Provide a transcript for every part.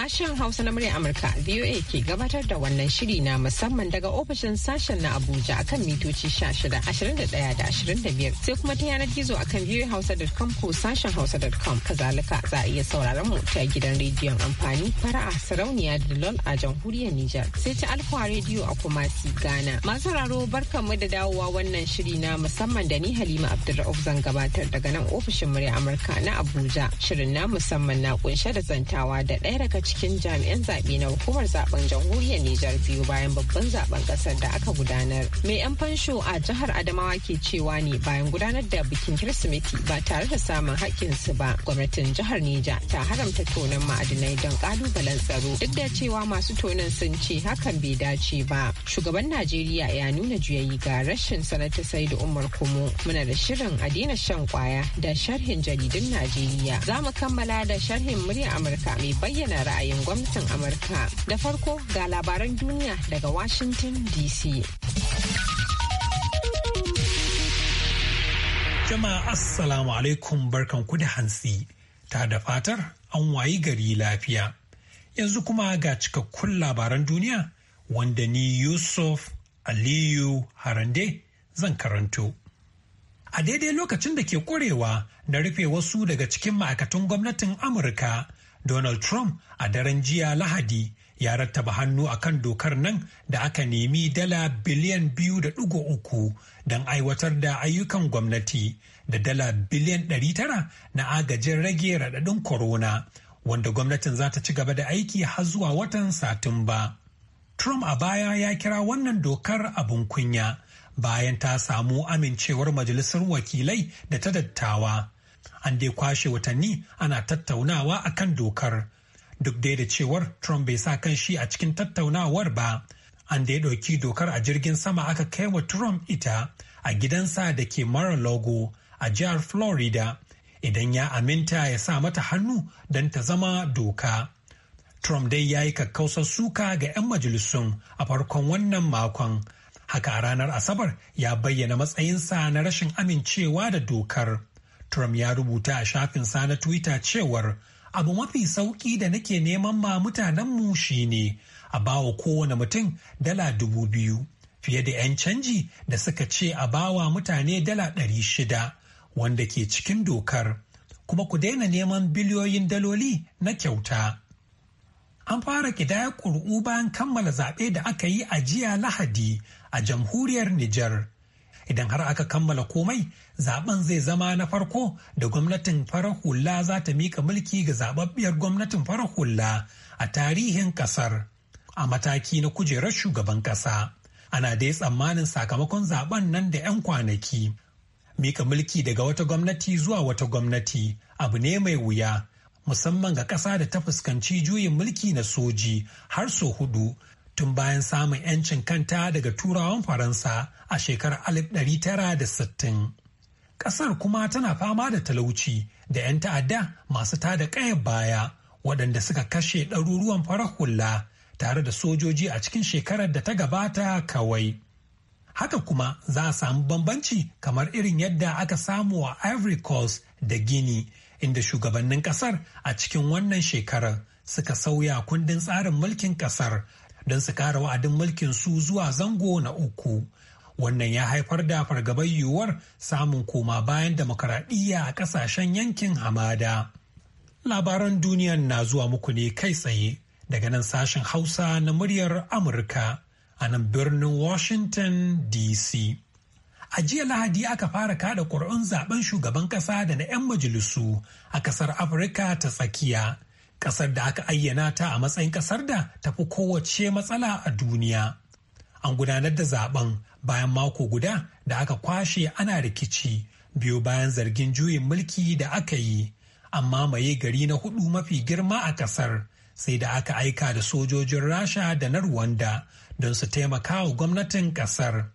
Sashen Hausa na muryar Amurka VOA ke gabatar da wannan shiri na musamman daga ofishin sashen na Abuja akan mitoci 16, 21 da 25 sai kuma ta yanar gizo akan voahausa.com ko sashen hausa.com kazalika za a iya sauraron mu ta gidan rediyon amfani fara'a sarauniya da lol a jamhuriyar Nijar sai ta alfa rediyo a kumasi Ghana. Masu raro barkanmu da dawowa wannan shiri na musamman da ni Halima Abdulrauf zan gabatar daga nan ofishin muryar Amurka na Abuja. Shirin na musamman na kunshe da zantawa da ɗaya daga cikin cikin jami'an zaɓe na hukumar zaben jamhuriyar Nijar biyu bayan babban zaben ƙasar da aka gudanar. Mai 'yan fansho a jihar Adamawa ke cewa ne bayan gudanar da bikin Kirsimeti ba tare da samun haƙƙinsu ba. Gwamnatin jihar Nija ta haramta tonon ma'adinai don ƙalubalen tsaro duk da cewa masu tonon sun ce hakan bai dace ba. Shugaban Najeriya ya nuna juyayi ga rashin sanata sai da Umar Kumo. Muna da shirin a daina shan kwaya da sharhin jaridun Najeriya. Za mu kammala da sharhin murya Amurka mai bayyana ra'ayi ra'ayin gwamnatin Amurka. Da farko ga labaran duniya daga Washington DC. Jama'a Assalamu alaikum ku da hantsi, ta da fatar an wayi gari lafiya. Yanzu kuma ga cikakkun labaran duniya wanda ni Yusuf Aliyu Harande zan karanto. a daidai lokacin da ke ƙurewa na rufe wasu daga cikin ma'aikatan gwamnatin amurka Donald Trump a daren jiya Lahadi ya rattaba hannu a kan dokar nan da aka nemi dala biliyan biyu da ɗigo uku don aiwatar da ayyukan gwamnati da dala biliyan ɗari tara na agajin rage raɗaɗin korona, wanda gwamnatin za ta ci gaba da aiki har zuwa watan satumba. Trump a baya ya kira wannan dokar abin kunya bayan ta samu amincewar majalisar wakilai da ta dattawa. An dai kwashe watanni ana tattaunawa a kan dokar. Duk dai da cewar Trump bai sa kan shi a cikin tattaunawar ba. An dai ɗauki dokar a jirgin sama aka kai wa Trump ita a gidansa da ke mara logo a jihar Florida. Idan ya aminta ya sa mata hannu don ta zama doka. Trump dai ya yi kakkausar suka ga 'yan majalisun a farkon wannan makon. Haka a ranar Asabar ya bayyana matsayinsa na rashin amincewa da dokar. Trump ya rubuta a shafinsa na Twitter cewar abu mafi sauki da nake neman ma mutanenmu ne a bawa kowane mutum dala dubu biyu fiye da 'yan canji da suka ce a bawa mutane dala ɗari shida wanda ke cikin dokar kuma ku daina neman biliyoyin daloli na kyauta. An fara kidaya ƙuri'u bayan kammala zaɓe da aka yi a jiya Lahadi a jamhuriyar Nijar. idan har aka kammala komai zaben zai zama na farko da gwamnatin farar hula za ta mika mulki ga zababbiyar gwamnatin farar hula a tarihin kasar a mataki na kujerar shugaban kasa ana dai tsammanin sakamakon zaben nan da 'yan kwanaki mika mulki daga wata gwamnati zuwa wata gwamnati abu ne mai wuya musamman ga ƙasa da ta fuskanci juyin mulki na soji har so hudu tun bayan samun 'yancin kanta daga turawan faransa a shekarar 1960 ƙasar kuma tana fama da talauci da 'yan ta'adda masu tada ƙayar baya waɗanda suka kashe ɗaruruwan farar hula tare da sojoji a cikin shekarar da ta gabata kawai haka kuma za a samu bambanci kamar irin yadda aka samu a ivory coast da guinea inda shugabannin kasar a cikin wannan shekarar suka sauya kundin tsarin mulkin kasar don su kara wa'adin mulkin su zuwa zango na uku wannan ya haifar da fargabar yiwuwar samun koma bayan demokaradiyya a kasashen yankin hamada labaran duniyan na zuwa muku ne kai tsaye daga nan sashen hausa na muryar amurka a nan birnin washington dc a jiya lahadi aka fara kada ƙuri'un zaben shugaban ƙasa da na 'yan majalisu a ƙasar afirka ta tsakiya ƙasar da aka ayyana ta a matsayin ƙasar da ta fi kowace matsala a duniya. An gudanar da zaben bayan mako guda da aka kwashe ana rikici biyu bayan zargin juyin mulki da aka yi, amma maye gari na hudu mafi girma a ƙasar sai da aka aika da sojojin Rasha da na Rwanda don su taimaka wa gwamnatin ƙasar.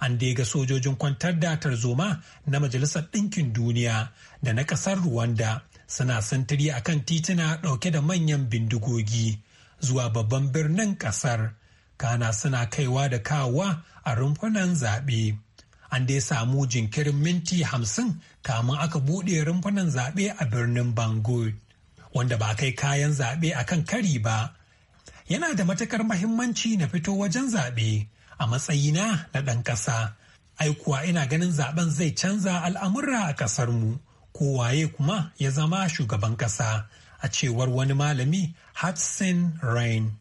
an ga sojojin kwantar da tarzoma na Majalisar Ɗinkin Duniya da na ƙasar Rwanda. suna sintiri a kan tituna ɗauke da manyan bindigogi zuwa babban birnin ƙasar kana suna kaiwa da kawowa a rumfunan zaɓe an dai samu jinkirin minti hamsin kamun aka buɗe rumfunan zaɓe a birnin bango wanda ba kai kayan zaɓe a kan kari ba yana da matukar mahimmanci na fito wajen zaɓe a matsayina na ɗan ƙasa aikuwa ina ganin zaben zai canza al'amurra a ƙasarmu mu ko waye kuma ya zama shugaban ƙasa a cewar wani malami Hudson Rain.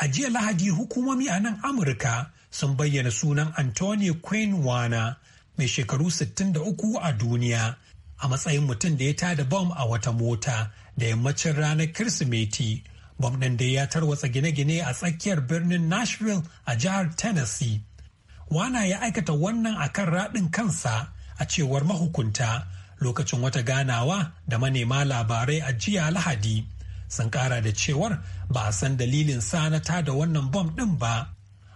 A jiya Lahadi hukumomi a nan Amurka sun bayyana sunan Anthony Quinn Wana mai shekaru 63 a duniya a matsayin mutum da ya tada bom a wata mota da yammacin ranar Kirsimeti. Bom ɗin da ya tarwatsa gine-gine a tsakiyar birnin Nashville a jihar Tennessee. Wana ya aikata wannan a kan raɗin kansa a cewar mahukunta lokacin wata ganawa da manema labarai a jiya lahadi sun kara da cewar ba a san dalilin sa na tada wannan bom ɗin ba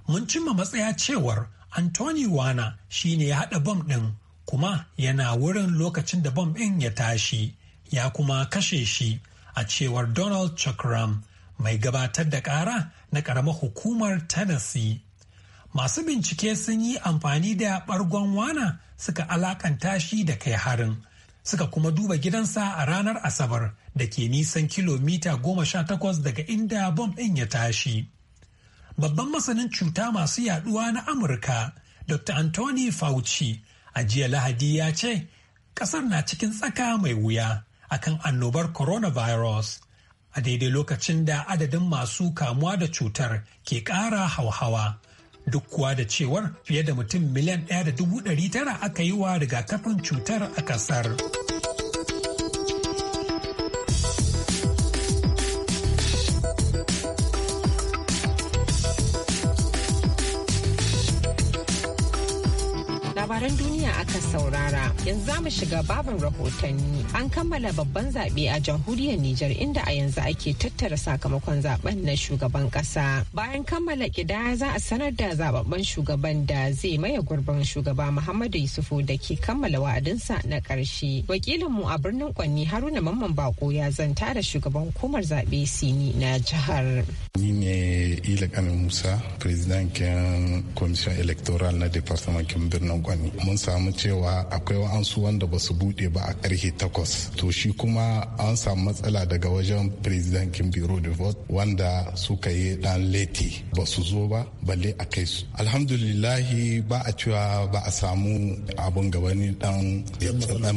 mun cimma matsaya cewar anthony wana shine ya haɗa bom ɗin kuma yana wurin lokacin da bom ɗin ya tashi ya kuma kashe shi a cewar donald chakram mai gabatar da ƙara na ƙaramar hukumar tennessee masu bincike sun yi amfani da ɓargon wana suka alakanta shi da kai harin suka kuma duba gidansa a ranar Asabar da ke nisan kilomita goma sha takwas daga inda bom ɗin ya tashi. Babban masanin cuta masu yaduwa na Amurka, Dr. Anthony Fauci, a jiya Lahadi ya ce, ƙasar na cikin tsaka mai wuya akan annobar coronavirus. A daidai lokacin da adadin masu kamuwa da cutar ke ƙara hauhawa. duk kuwa da cewar fiye da mutum miliyan ɗaya da dubu ɗari tara aka yi wa rigakafin cutar a ƙasar. duniya aka saurara. Yanzu za mu shiga babin rahotanni. An kammala babban zaɓe a jamhuriyar Nijar inda a yanzu ake tattara sakamakon zaben na shugaban ƙasa. Bayan kammala ƙidaya za a sanar da zababban shugaban da zai maye gurbin shugaba Muhammadu Yusufu da ke kammala wa'adinsa na ƙarshe. Wakilinmu a birnin Kwanni Haruna Mamman Bako ya zanta da shugaban hukumar zaɓe Sini na jihar. Ni ne Ila Musa, Firizidan komishin Electoral na Departamentin Birnin Kwanni. Mun samu cewa akwai wa'ansu wanda ba su buɗe ba a karhe takwas to shi kuma an samu matsala daga wajen president kim biro de vote wanda suka yi dan leti ba su zo ba balle a kai su alhamdulillahi ba a cewa ba a samu abun gaba ni dan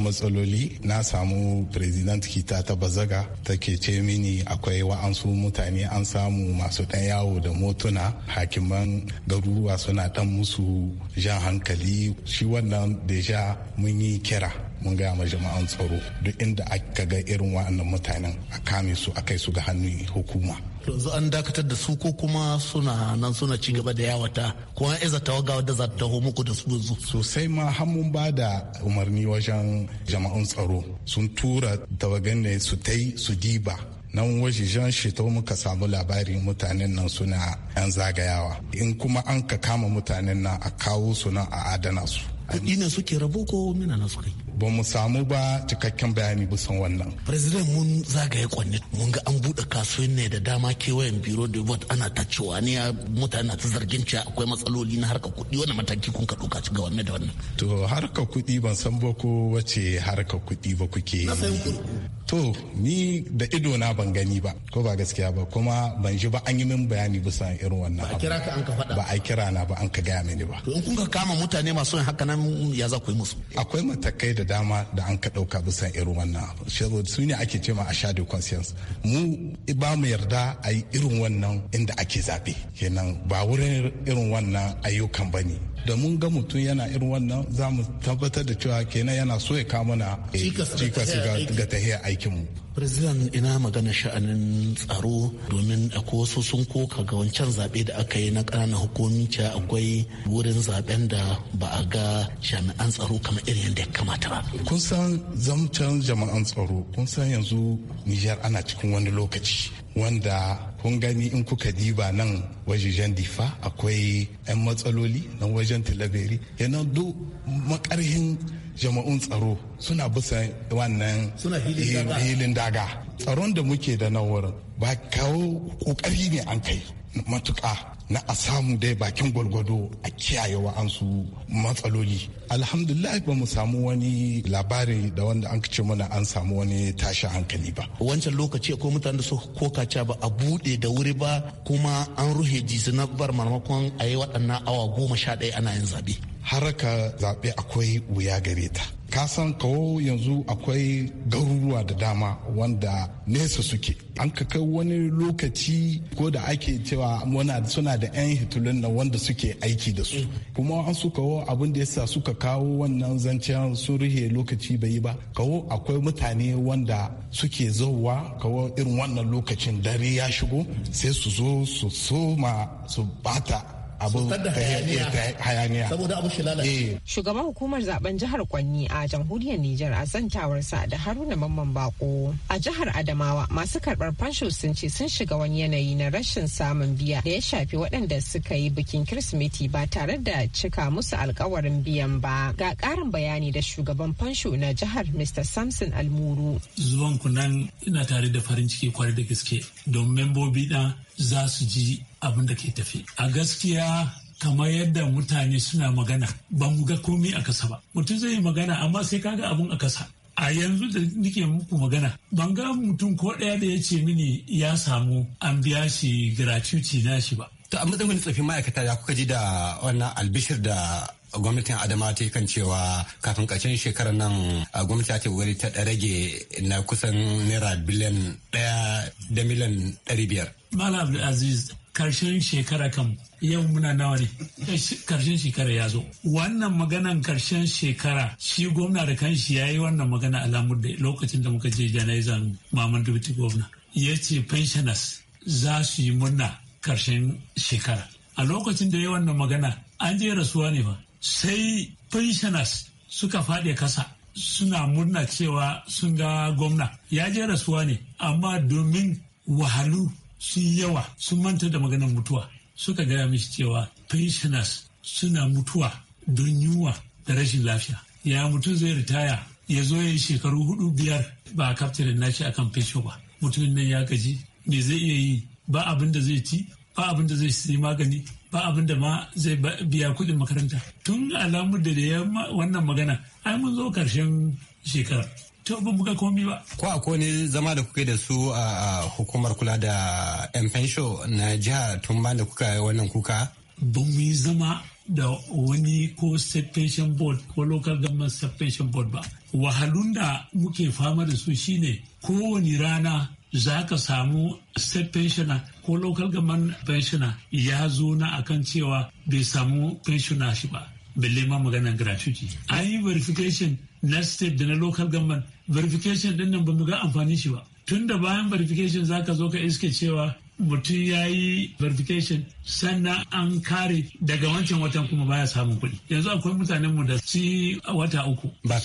matsaloli na samu president kita ta bazaga take ce mini akwai wa'ansu mutane an samu masu dan yawo da motuna hakiman garuruwa suna dan musu jan hankali shi wannan da deja mun yi kira mun gaya ma jama'an tsaro duk inda aka ga irin wa'annan mutanen a kame su a kai su ga hannun hukuma yanzu an dakatar da su ko kuma suna nan suna ci gaba da yawata ko an iza tawaga wadda za ta taho muku da su yanzu sosai ma har ba da umarni wajen jama'an tsaro sun tura tawagan ne su yi su diba nan jan shito muka samu labari mutanen nan suna yan zagayawa in kuma an ka kama mutanen nan a kawo su nan a adana su kuɗi ne suke rabo ko mina na suka yi ba mu samu ba cikakken bayani bisan wannan. President mun zagaye kwanne mun ga an buɗe kasuwanni da dama kewayen biro da bot ana ta cewa ne mutane ta zargin cewa akwai matsaloli na harka kuɗi wani mataki kun ka ɗauka ci ga da wannan. To harka kuɗi ban san ba ko wace harka kuɗi ba kuke. To ni da ido na ban gani ba ko ba gaskiya ba kuma ban ji ba an yi min bayani bisa irin wannan ba a kira ka an ka faɗa ba a kira na ba an ka gaya mini ba to in kun ka kama mutane masu yin haka nan ya za ku yi musu akwai matakai da dama da an ka ɗauka bisan irin wannan su ne ake cewa a shadow conscience mu ba mu yarda a yi irin wannan inda ake zaɓe kenan ba wurin irin wannan ayyukan ba ne da mun ga mutum yana irin wannan za mu tabbatar da cewa kenan yana so ya kama na eh, cikas ga tahiyar aikinmu president ina magana sha'anin tsaro domin akwai wasu sun koka ga wancan zaɓe da aka yi na ƙananan hukumi ce akwai wurin zaɓen da ba a ga jami'an tsaro kamar irin yadda ya kamata ba kun san zamcan jama'an tsaro kun san yanzu nijar ana cikin wani lokaci wanda kun gani in kuka diba nan wajejen difa akwai 'yan matsaloli na wajen talabari yana duk makarhin jama'un tsaro suna bisa wannan hilin daga tsaron da muke da na wurin ba kawo kokari ne an kai matuka na a samu dai bakin gwalgwado a kiyaye su matsaloli alhamdulillah ba mu samu wani labari da wanda an ce mana an samu wani tashi hankali ba wancan lokaci akwai mutane da su kokaca ba a buɗe da wuri ba kuma an ruhe jisi na bar marmakon a yi waɗannan awa goma sha ɗaya ana yin zabe haraka zaɓe akwai wuya gare ta ka san kawo yanzu akwai garuruwa da dama wanda nesa suke an ka kai wani lokaci ko da ake cewa suna da 'yan hitulun na wanda suke aiki da su kuma an su kawo abin da yasa suka kawo wannan zancen sun rihe lokaci bai yi ba kawo akwai mutane wanda suke zauwa kawo irin wannan lokacin dare ya shigo sai su zo su soma su bata abu eh, hayaniya saboda abu shi lalace eh. shugaban hukumar zaben jihar Kwanni a jamhuriyar Nijar a zantawarsa da Haruna Mamman Bako a jihar Adamawa masu karɓar fansho sun ce sun shiga wani yanayi na rashin samun biya da ya shafi waɗanda suka yi bikin Kirsimeti ba tare da cika musu alkawarin biyan ba ga ƙarin bayani da shugaban fansho na jihar Mr Samson Almuru zuwan kunan ina tare da farin ciki kwarai da gaske don membobi na za su ji abin da ke tafi a gaskiya kamar yadda mutane suna magana ba mu ga komi a kasa ba mutum zai yi magana amma sai kaga abin a kasa a yanzu da nike muku magana ban ga mutum ko ɗaya da ya ce mini ya samu an biya shi gratuity na shi ba To a matsayin wani ma'aikata ya kuka ji da wannan albishir da gwamnatin adama ta kan cewa kafin ƙarshen shekarar nan gwamnati ta kokari ta rage na kusan naira biliyan ɗaya da miliyan ɗari biyar. Malam Abdulaziz karshen shekara kam yau muna nawa ne karshen shekara ya zo wannan maganan karshen shekara shi gwamna da kanshi ya yi wannan magana a da lokacin da muka je janaizan maman gwamna ya ce pensioners za su yi murna karshen shekara a lokacin da ya wannan magana an je rasuwa ne ba sai pensioners suka faɗi kasa suna murna cewa sun ga gwamna ya je rasuwa ne amma domin wahalu sun yawa sun manta da maganar mutuwa suka gaya mishi cewa pensioners suna mutuwa don yunwa da rashin lafiya ya mutum zai ritaya ya zo ya yi shekaru hudu biyar ba a na nashi akan fesho ba mutumin nan ya gaji me zai iya yi ba abin da zai ci ba abin da zai sai magani ba abin da ma zai biya kuɗin makaranta tun alamu da ya wannan magana ai mun zo karshen shekara to ba buga komi ba ko a ko ne zama da kuke da su a hukumar kula da yan fensho na jiha tun ba da kuka wannan kuka ba mu yi zama da wani ko state pension board ko local government state pension board ba wahalun da muke fama da su shine kowane rana za ka samu state pensioner ko local government pensioner ya zo na akan cewa bai samu pensioner shi ba balle ma magana gratuity an yi verification na state da na local government verification din nan ba mu ga amfani shi ba tun da bayan verification za ka zo ka iske cewa mutum ya yi verification sannan an kare daga wancan watan kuma baya samun kuɗi yanzu akwai mutanen mu da si wata uku ba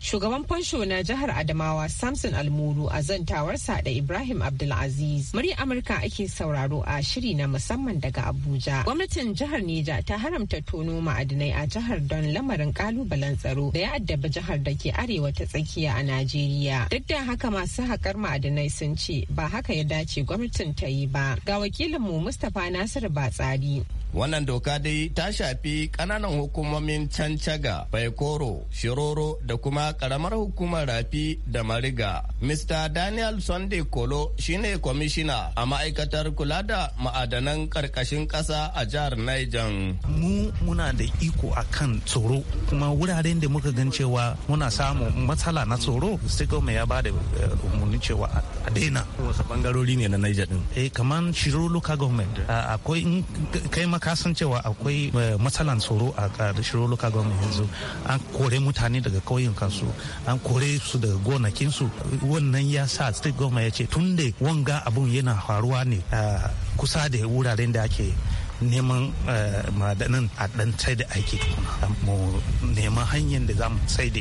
shugaban fansho na jihar adamawa samson almuru a zantawarsa da ibrahim abdulaziz murya amurka ake sauraro a shiri na musamman daga abuja gwamnatin jihar neja ta haramta tono ma'adinai a jihar don lamarin kalubalen tsaro da ya addaba jihar da ke arewa ta tsakiya a najeriya duk da haka masu haƙar ma'adinai sun ce ba haka ya dace gwamnatin ta yi ba ga wakilinmu mustapha nasiru batsari wannan doka dai ta shafi kananan hukumomin cancaga baikoro shiroro da kuma karamar hukumar rafi da mariga mr daniel sunday kolo shine kwamishina a ma'aikatar kula da ma'adanan karkashin kasa a jihar niger mu muna da iko akan tsoro kuma wuraren da muka gan cewa muna samu matsala na tsoro sai ya ba da eh, umarni cewa a daina wasu bangarori ne na niger din eh kaman shiru local government akwai kai ma kasancewa akwai eh, matsalan tsoro a shiru local government yanzu an kore mutane daga kauyen kansu an kore su daga gonakinsu. wannan ya sa state government ya ce tun da wanga abun yana faruwa ne kusa da wuraren da ake neman eh, madanin a dan sai da aiki mu neman hanyar da za mu sai da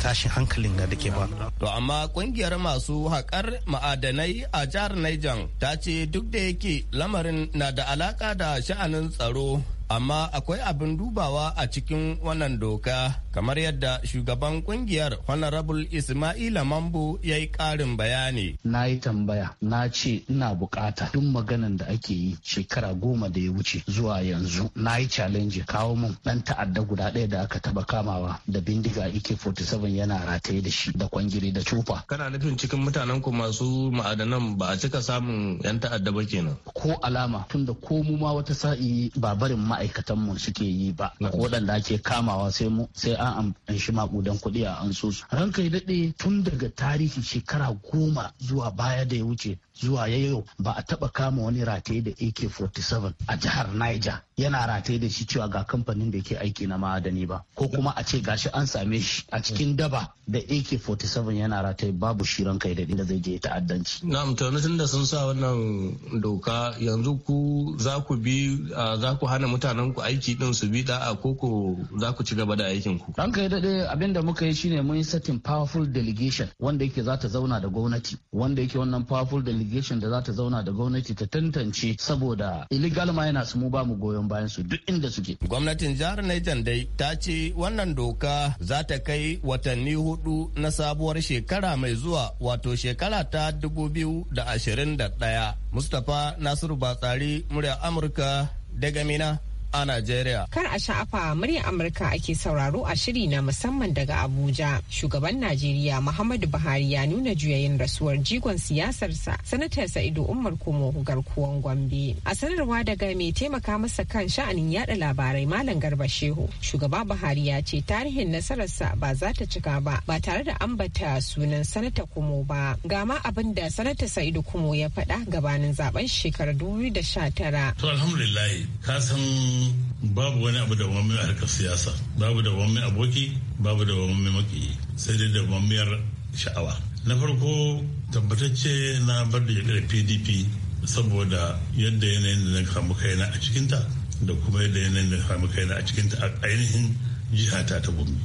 tashin hankalin da ke ba. To amma kungiyar masu haƙar ma'adanai a jihar Niger ta ce duk da yake lamarin na da alaka da sha'anin tsaro amma akwai abin dubawa a cikin wannan doka kamar yadda shugaban kungiyar honorable ismaila mambo ya yi karin bayani na yi tambaya na ce ina bukata duk maganan da ake yi shekara goma da ya wuce zuwa yanzu na yi challenge kawo mun dan ta'adda guda ɗaya da aka taba kamawa da bindiga ike 47 yana rataye da shi da kwangiri da cufa kana nufin cikin mutanen ku masu ma'adanan ba a cika samun yan ta'adda ba kenan ko alama tunda ko mu ma wata sa'i ba barin ma ma'aikatanmu suke yi ba waɗanda ake kamawa sai mu sai an amshi maƙudan kuɗi a an su ranka ya daɗe tun daga tarihi shekara goma zuwa baya da ya wuce zuwa yayo ba a taɓa kama wani rataye da ak-47 a jihar niger yana rataye da shi cewa ga kamfanin da ke aiki na ma'adani ba ko kuma a ce gashi an same shi a cikin daba da AK47 yana rataye babu shirin kai da inda zai je ta'addanci. Na'am to da sun sa wannan doka yanzu ku za ku bi za ku hana mutanen ku aiki din su bi da'a ko ko za ku ci gaba da aikin ku. Ran kai dade abin da muka yi shine mun yi powerful delegation wanda yake za ta zauna da gwamnati wanda yake wannan powerful delegation da za ta zauna da gwamnati ta tantance saboda illegal miners mu ba mu goyon bayan su duk inda suke. Gwamnatin jihar Niger dai ta ce wannan doka za ta kai watanni hudu na sabuwar shekara mai zuwa wato shekara ta dubu biyu da ashirin da ɗaya. Mustapha Nasiru Batsari murya Amurka daga Mina a Najeriya. Kar a sha'afa muryar Amurka ake sauraro a shiri na musamman daga Abuja. Shugaban Najeriya Muhammadu Buhari ya nuna juyayin rasuwar jigon siyasarsa sanatar Sa'idu Umar Kumo garkuwan Gombe. A sanarwa daga mai taimaka masa kan sha'anin yada labarai Malam Garba Shehu. Shugaba Buhari ya ce tarihin nasararsa ba za ta cika ba ba tare da ambata sunan sanata Kumo ba. gama ma abin da sanata Sa'idu Kumo ya faɗa gabanin zaben shekarar 2019. To alhamdulillah ka san babu wani abu da wani a harkar siyasa babu da wani aboki babu da wani maki sai dai da wammiyar sha'awa na farko tabbatacce na bar da jakar pdp saboda yadda yanayin da na kamu kaina a cikinta da kuma yadda yanayin da na kamu kaina a cikinta a ainihin jihata ta gumi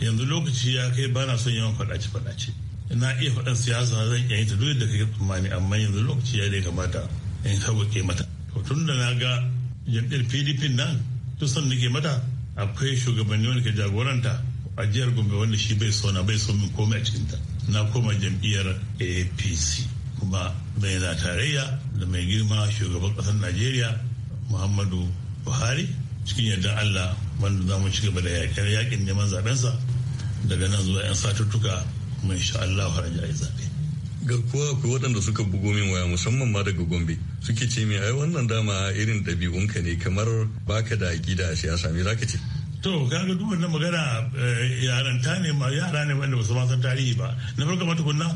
yanzu lokaci ya kai bana son yawan faɗace faɗace na iya faɗan siyasa zan iya yi ta duk da kake tsammani amma yanzu lokaci ya dai kamata in sauƙaƙe mata to tun da na ga jam'iyyar pdp nan duk san nake mata akwai shugabanni wanda ke jagoranta a jihar gombe wanda shi bai sona bai so min komai a cikinta na koma jam'iyyar apc kuma mai na tarayya da mai girma shugaban ƙasar najeriya muhammadu buhari cikin yadda allah wanda za mu ci gaba da yaƙin neman zaɓensa daga nan zuwa 'yan satuttuka mai sha'allahu har zaɓe. ga kowa akwai waɗanda suka bugo min waya musamman ma daga gombe suke ce mai ai wannan dama irin ɗabi'unka ne kamar baka da gida a siyasa me zaka ce to kaga duk wannan magana eh, yaranta ne ma yara ne wanda ba su san tarihi ba na farko ma tukunna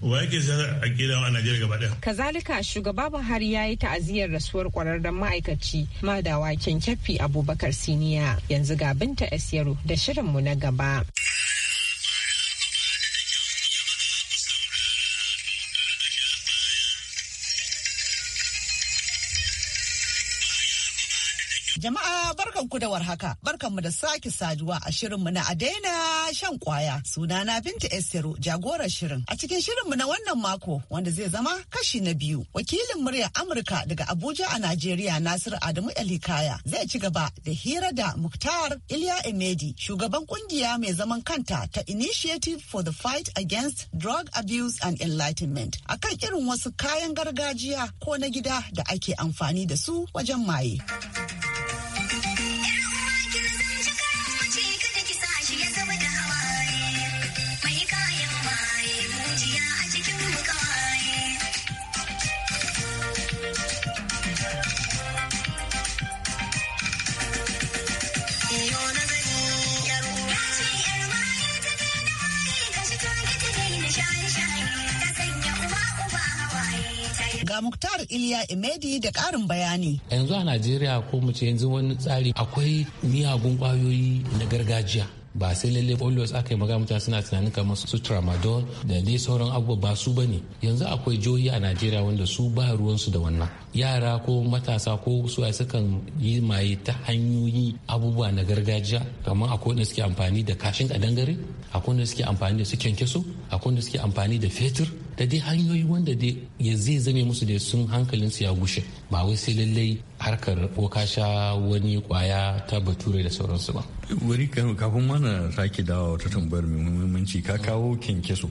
wa yake a gida a Najeriya gaba ɗaya. Kazalika shugaba Buhari ya yi ta'aziyar rasuwar kwararren ma'aikaci madawa kyankyafi Abubakar Siniya yanzu ga binta Esiyaru da shirinmu na gaba. barkan ku da warhaka barkanmu mu da sake saduwa a shirin mu na a daina shan kwaya suna na Binta estero jagorar shirin a cikin shirin mu na wannan mako wanda zai zama kashi na biyu wakilin Murya Amurka daga Abuja a Najeriya Nasir Adamu Elikaya zai ci gaba da hira da Muktar iliya Emedi shugaban kungiya mai zaman kanta ta Initiative for the Fight Against Drug Abuse and Enlightenment akan irin wasu kayan gargajiya ko na gida da ake amfani da su wajen maye. Muktar Iliya Imedi da ƙarin bayani. Yanzu a Najeriya ko mu ce yanzu wani tsari akwai miyagun ƙwayoyi na gargajiya. ba sai lalle polios aka yi magana mutane suna tunanin kamar su tramadol da dai sauran abubuwa ba su bane yanzu akwai jihohi a najeriya wanda su ba ruwan su da wannan yara ko matasa ko su sukan yi maye ta hanyoyi abubuwa na gargajiya kamar akwai wanda suke amfani da kashin kadangare akwai wanda suke amfani da su kyankyaso akwai wanda suke amfani da fetur da dai hanyoyi wanda dai ya zai zame musu da sun hankalin su ya gushe ba wai sai lallai harkar ko ka sha wani kwaya ta bature da sauransu ba. Wari kafin mana sake dawa wata tambayar mai muhimmanci ka kawo kinkiso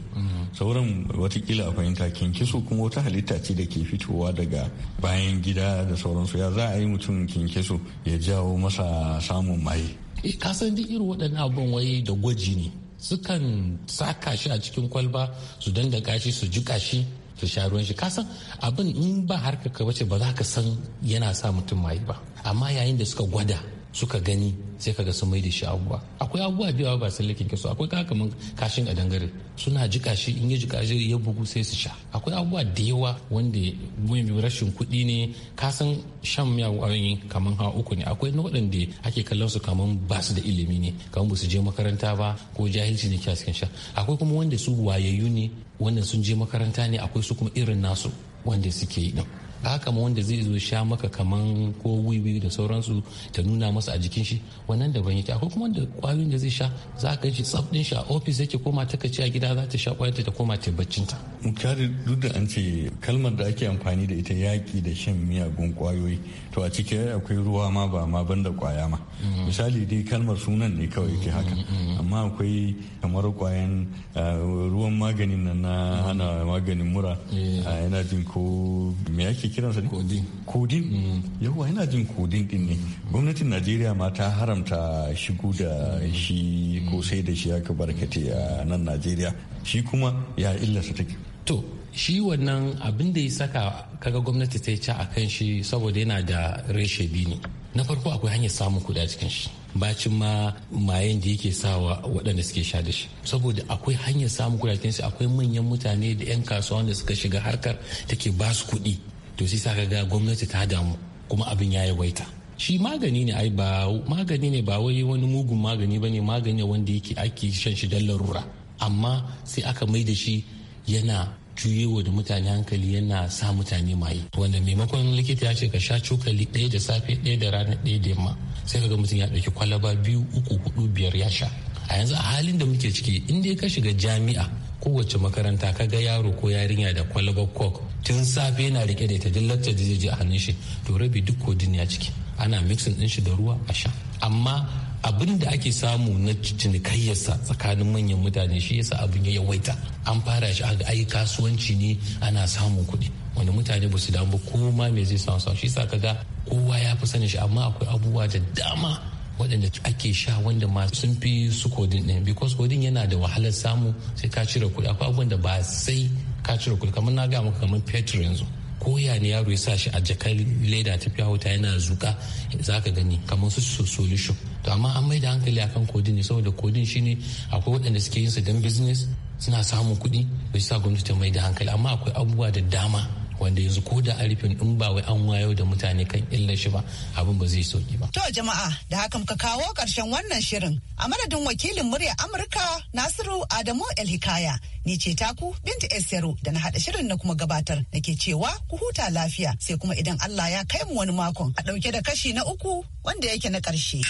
Sauran watakila a fahimta kinkiso kuma wata halitta ce da ke fitowa daga bayan gida da sauransu ya za a yi mutum kinkiso ya jawo masa samun maye. E, ka san duk irin waɗannan abin wai da gwaji ne. Sukan saka shi a cikin kwalba su danga gashi su jiƙa shi su sha ruwan shi kasan abin in ba harkar ka bace ba za ka san yana sa mutum maye ba amma yayin da suka gwada suka gani sai kaga sun mai da shi abubuwa akwai abubuwa biyawa ba sun lakin su akwai kaka kaman kashin a dangare suna jika shi in ya jika shi ya bugu sai su sha akwai abubuwa da yawa wanda rashin kuɗi ne ka san shan miyagun yi kaman ha uku ne akwai na waɗanda ake kallon su kaman ba su da ilimi ne kaman ba su je makaranta ba ko jahilci ne kya kan sha akwai kuma wanda su wayayyu ne wanda sun je makaranta ne akwai su kuma irin nasu wanda suke yi din haka ma wanda zai zo sha maka kaman ko wiwi da sauransu ta nuna masa a jikin shi wannan yi yake akwai kuma wanda kwayoyin da zai sha za ka shi tsaf shi a ofis yake koma ta kace a gida za ta sha kwayar ta koma ta baccin ta kare duk da an ce kalmar da ake amfani da ita yaki da shan miyagun kwayoyi to a ciki akwai ruwa ma ba ma banda kwaya ma mm-hmm. misali dai kalmar sunan ne kawai ke haka mm-hmm, mm-hmm. amma akwai kamar kwayan ah, ruwan maganin nan na hana maganin mura yana eh. ah, jin ko me yake kiransa ne? Kodin. Kodin? Mm. Yawwa yana jin kodin din ne. Gwamnatin Najeriya ma ta haramta shigo da shi ko mm. sai da shi aka barkate a nan Najeriya. Shi kuma ya illasa take. To, shi wannan abin da ya saka kaga gwamnati ta yi ca a kan shi saboda yana da reshe biyu ne. Na farko akwai hanyar samun kuɗi a cikin shi. bacin ma mayan da yake sawa waɗanda suke sha da shi saboda akwai hanyar samun cikin shi akwai manyan mutane da 'yan kasuwa wanda suka shiga harkar take ba su kuɗi to sai sa ga gwamnati ta damu kuma abin ya yawaita shi magani ne ai ba magani ne ba wai wani mugun magani ba ne magani wanda yake ake shan shi don larura amma sai aka mai da shi yana juyewa da mutane hankali yana sa mutane maye wanda maimakon likita ya ce ka sha cokali ɗaya da safe ɗaya da rana ɗaya da yamma sai kaga mutum ya ɗauki kwalaba biyu uku hudu biyar ya sha a yanzu a halin da muke ciki in dai ka shiga jami'a kowace makaranta ka ga yaro ko yarinya da kwalaba kok tun safe yana rike da ita dillacce jijiji a hannun shi to rabi duk kodin ya ciki ana mixing din shi da ruwa a sha amma abin da ake samu na cinikayyarsa tsakanin manyan mutane shi yasa abin ya yawaita an fara shi a ai kasuwanci ne ana samun kuɗi Wani mutane ba su damu ko ma me zai samu sa shi sa kaga kowa ya fi sanin shi amma akwai abubuwa da dama waɗanda ake sha wanda ma sun fi su kodin ɗin because kodin yana da wahalar samu sai ka cire kuɗi akwai abubuwan da ba sai ka cire kuɗi kamar na gaya maka kamar fetur yanzu ko ya ne yaro ya sa shi a jakar leda ta fiya wuta yana zuka za ka gani kamar su solution to amma an mai da hankali akan kodin ne saboda kodin shine akwai waɗanda suke yin su don business suna samun kuɗi bai sa gwamnati ta mai da hankali amma akwai abubuwa da dama wanda yanzu ko da alifin in ba wai an wayo da mutane kan illar shi ba abin ba zai sauki ba. To jama'a da haka muka kawo ƙarshen wannan shirin a madadin wakilin murya Amurka Nasiru Adamu Elhikaya ni ce taku Binta Esero da na haɗa shirin na kuma gabatar nake cewa ku huta lafiya sai kuma idan Allah ya kai mu wani makon a ɗauke da kashi na uku wanda yake na karshe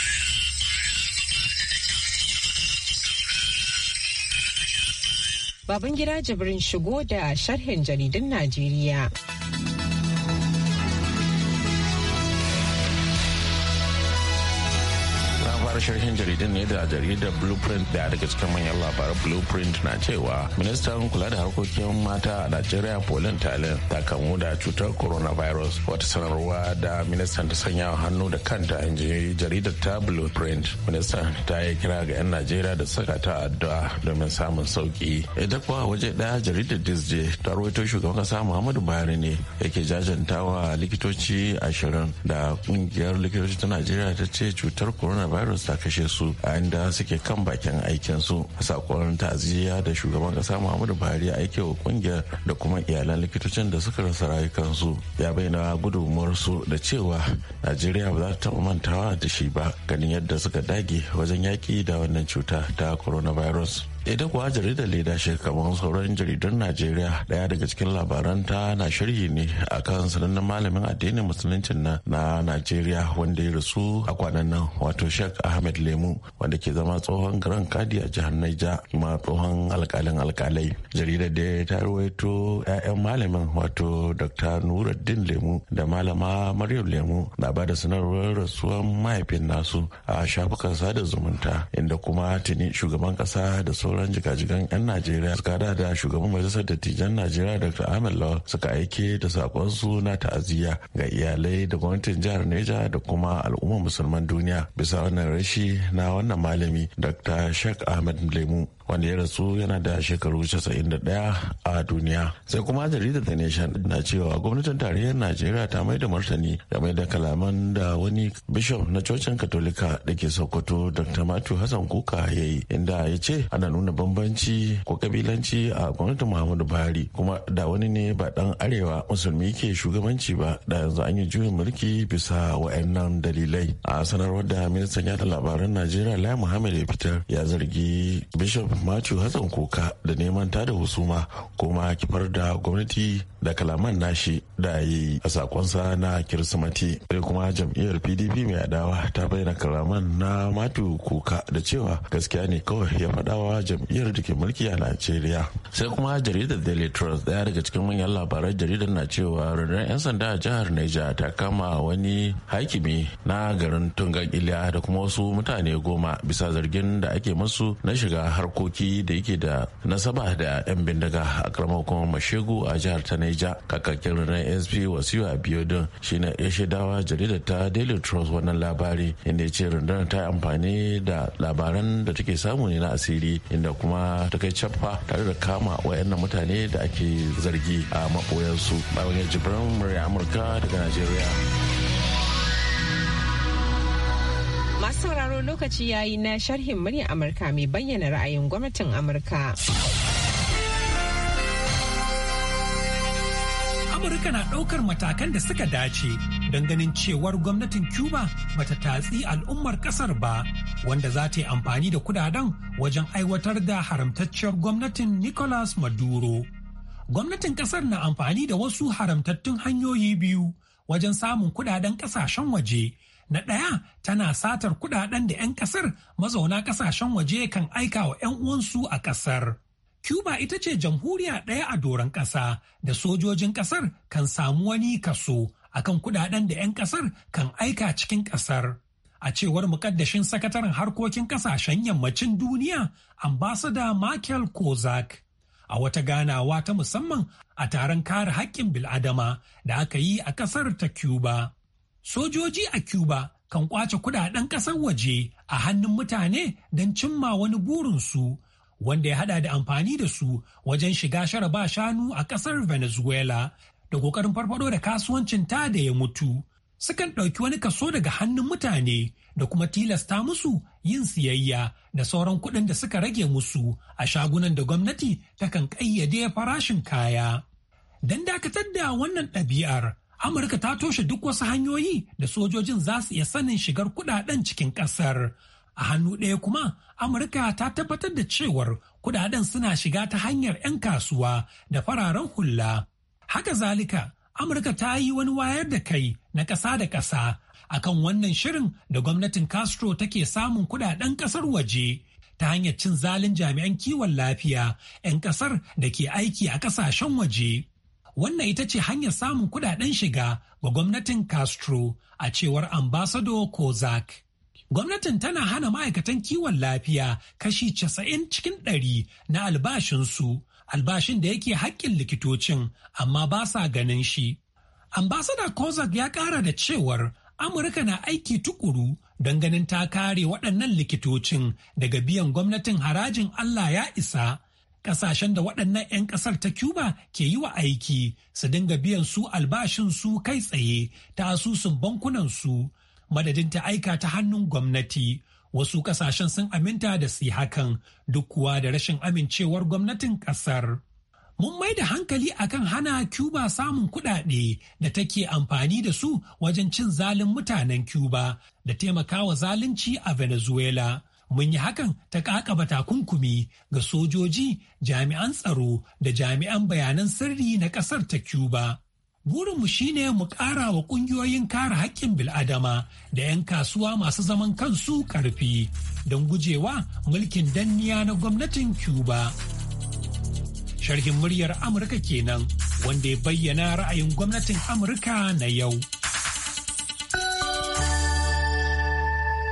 Babangida Jibrin shigo da sharhin jaridun Najeriya. fara sharhin jaridun ne da jaridar blueprint da daga cikin manyan labaran blueprint na cewa ministan kula da harkokin mata a najeriya polin talin ta kamu da cutar coronavirus wata sanarwa da ministan ta sanya hannu da kanta a injiniyoyi jaridar ta blueprint ministan ta yi kira ga 'yan najeriya da saka ta addu'a domin samun sauki ita kuwa waje daya jaridar disje ta rawaito shugaban kasa muhammadu buhari ne yake jajantawa likitoci ashirin da kungiyar likitoci ta najeriya ta ce cutar coronavirus ta kashe su a inda suke kan bakin aikin su sakon ta'aziyya da shugaban kasa muhammadu buhari ya aike wa kungiyar da kuma iyalan likitocin da suka rasa rayukansu ya bayyana gudunmuwar su da cewa najeriya ba za ta taɓa mantawa da shi ba ganin yadda suka dage wajen yaki da wannan cuta ta coronavirus ita kuwa jaridar leda kamar sauran jaridun najeriya daya daga cikin labaran ta na shirye ne akan sanannen malamin addinin musuluncin na najeriya wanda ya rasu a kwanan nan wato sheikh ahmed lemu wanda ke zama tsohon garan kadi a jihar naija kuma tsohon alkalin alkalai jaridar da ta rawaito 'ya'yan malamin wato dr nuruddin lemu da malama maryam lemu na ba da sanarwar rasuwar mahaifin nasu a shafukan sada zumunta inda kuma tuni shugaban kasa da sauran sauran jigajigan 'yan najeriya suka da da shugaban majalisar dattijan najeriya dr ahmed lawal suka aike da su na ta'aziyya ga iyalai da gwamnatin jihar neja da kuma al'ummar musulman duniya bisa wannan rashi na wannan malami dr shek ahmed lemu wanda ya rasu yana da shekaru 91 a duniya sai kuma jaridar the nation na cewa gwamnatin tarayyar najeriya ta mai da martani game da kalaman da wani bishop na cocin katolika da ke sokoto dr matthew hassan kuka ya yi inda ya ce ana nuna nuna bambanci ko kabilanci a gwamnatin muhammadu buhari kuma da wani ne ba dan arewa musulmi ke shugabanci ba da yanzu an yi juyin mulki bisa wa'annan dalilai a sanarwar da ministan yada labaran najeriya lai muhammad ya fitar ya zargi bishop matthew hassan kuka da neman tada husuma kuma kifar da gwamnati da kalaman nashi da ya yi a sakonsa na kirsimati sai kuma jam'iyyar pdp mai adawa ta bayyana kalaman na matu kuka da cewa gaskiya ne kawai ya faɗawa jam'iyyar da ke mulki a najeriya sai kuma jaridar daily trust daya daga cikin manyan labaran jaridar na cewa rundunar 'yan sanda a jihar niger ta kama wani hakimi na garin tungan iliya da kuma wasu mutane goma bisa zargin da ake musu na shiga harkoki da yake da nasaba da 'yan bindiga a karamar hukumar mashegu a jihar ta niger kakakin rundunar sp wasu abiodun shi ne ya shaidawa jaridar ta daily trust wannan labari inda ya ce rundunar ta yi amfani da labaran da take samu ne na asiri inda kuma ta kai cafa tare da kama wayan mutane da ake zargi a maɓoyarsu bayan jibran murya amurka daga najeriya Masu sauraro lokaci yayi na sharhin murya Amurka mai bayyana ra'ayin gwamnatin Amurka. amurka na ɗaukar matakan da suka dace don ganin cewar gwamnatin cuba bata tatsi al'ummar ƙasar ba wanda za ta yi amfani da kudaden wajen aiwatar da haramtacciyar gwamnatin nicolas maduro gwamnatin ƙasar na amfani da wasu haramtattun hanyoyi biyu wajen samun kudaden ƙasashen waje na ɗaya tana satar kudaden da 'yan ƙasar mazauna ƙasashen waje kan aika wa 'yan uwansu a ƙasar. Cuba ita ce jamhuriya ɗaya a doron ƙasa da sojojin ƙasar kan samu wani kaso akan kuɗaɗen da 'yan ƙasar kan aika cikin ƙasar. A cewar mukaddashin sakataren harkokin ƙasashen yammacin duniya, ambasada Michael Kozak. A wata ganawa ta musamman a taron kare haƙƙin bil'adama da aka yi a ƙasar ta Cuba. Sojoji a Cuba kan kwace kuɗaɗen ƙasar waje a hannun mutane don cimma wani burinsu wanda ya hada da amfani da su wajen shiga shara ba shanu a kasar venezuela da kokarin farfado da kasuwancin ta da ya mutu sukan ɗauki wani kaso daga hannun mutane da kuma tilasta musu yin siyayya da sauran kuɗin da suka rage musu a shagunan da gwamnati takan ƙayyade farashin kaya don dakatar da wannan ɗabi'ar amurka ta toshe duk wasu hanyoyi da sojojin za su iya sanin shigar kuɗaɗen cikin ƙasar A hannu ɗaya kuma, Amurka ta tabbatar da cewar kudaden suna shiga ta hanyar 'yan kasuwa da fararen hula. Haka zalika, Amurka ta yi wani wayar da kai na ƙasa da ƙasa akan wannan shirin da gwamnatin Castro take samun kudaden ƙasar waje ta hanyar cin zalin jami'an kiwon lafiya 'yan ƙasar da ke aiki a ƙasashen waje. Wannan ita ce hanyar samun kudaden shiga ga gwamnatin Castro a cewar ambasado Kozak. gwamnatin tana hana ma'aikatan kiwon lafiya kashi casa'in cikin ɗari na albashinsu albashin da yake haƙƙin likitocin amma ba sa ganin shi. Ambasada Kozak ya ƙara da cewar Amurka na aiki tukuru don ganin ta kare waɗannan likitocin daga biyan gwamnatin harajin Allah ya isa. Ƙasashen da waɗannan 'yan ƙasar ta Cuba ke yi wa aiki su dinga biyan su albashin su kai tsaye ta asusun bankunan su madadin ta aika ta hannun gwamnati wasu kasashen sun aminta da su hakan duk kuwa da rashin amincewar gwamnatin kasar. Mun mai da hankali akan hana Cuba samun kuɗaɗe da take amfani da su wajen cin zalin mutanen Cuba da taimakawa zalunci a Venezuela. Mun yi hakan ta kakaba takunkumi ga sojoji, jami'an tsaro da jami'an bayanan sirri na ƙasar ta Cuba. Burinmu shine mu ƙara wa ƙungiyoyin kare haƙƙin bil'adama da 'yan kasuwa masu zaman kansu ƙarfi don gujewa mulkin danniya na gwamnatin Cuba. Sharhin muryar Amurka kenan wanda ya bayyana ra'ayin gwamnatin Amurka na yau.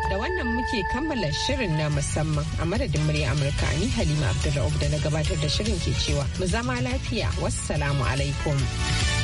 Da wannan muke kammala shirin na musamman a madadin murya Amurka ni Halima Abdullahi da na gabatar da shirin ke cewa mu zama lafiya wassalamu alaikum.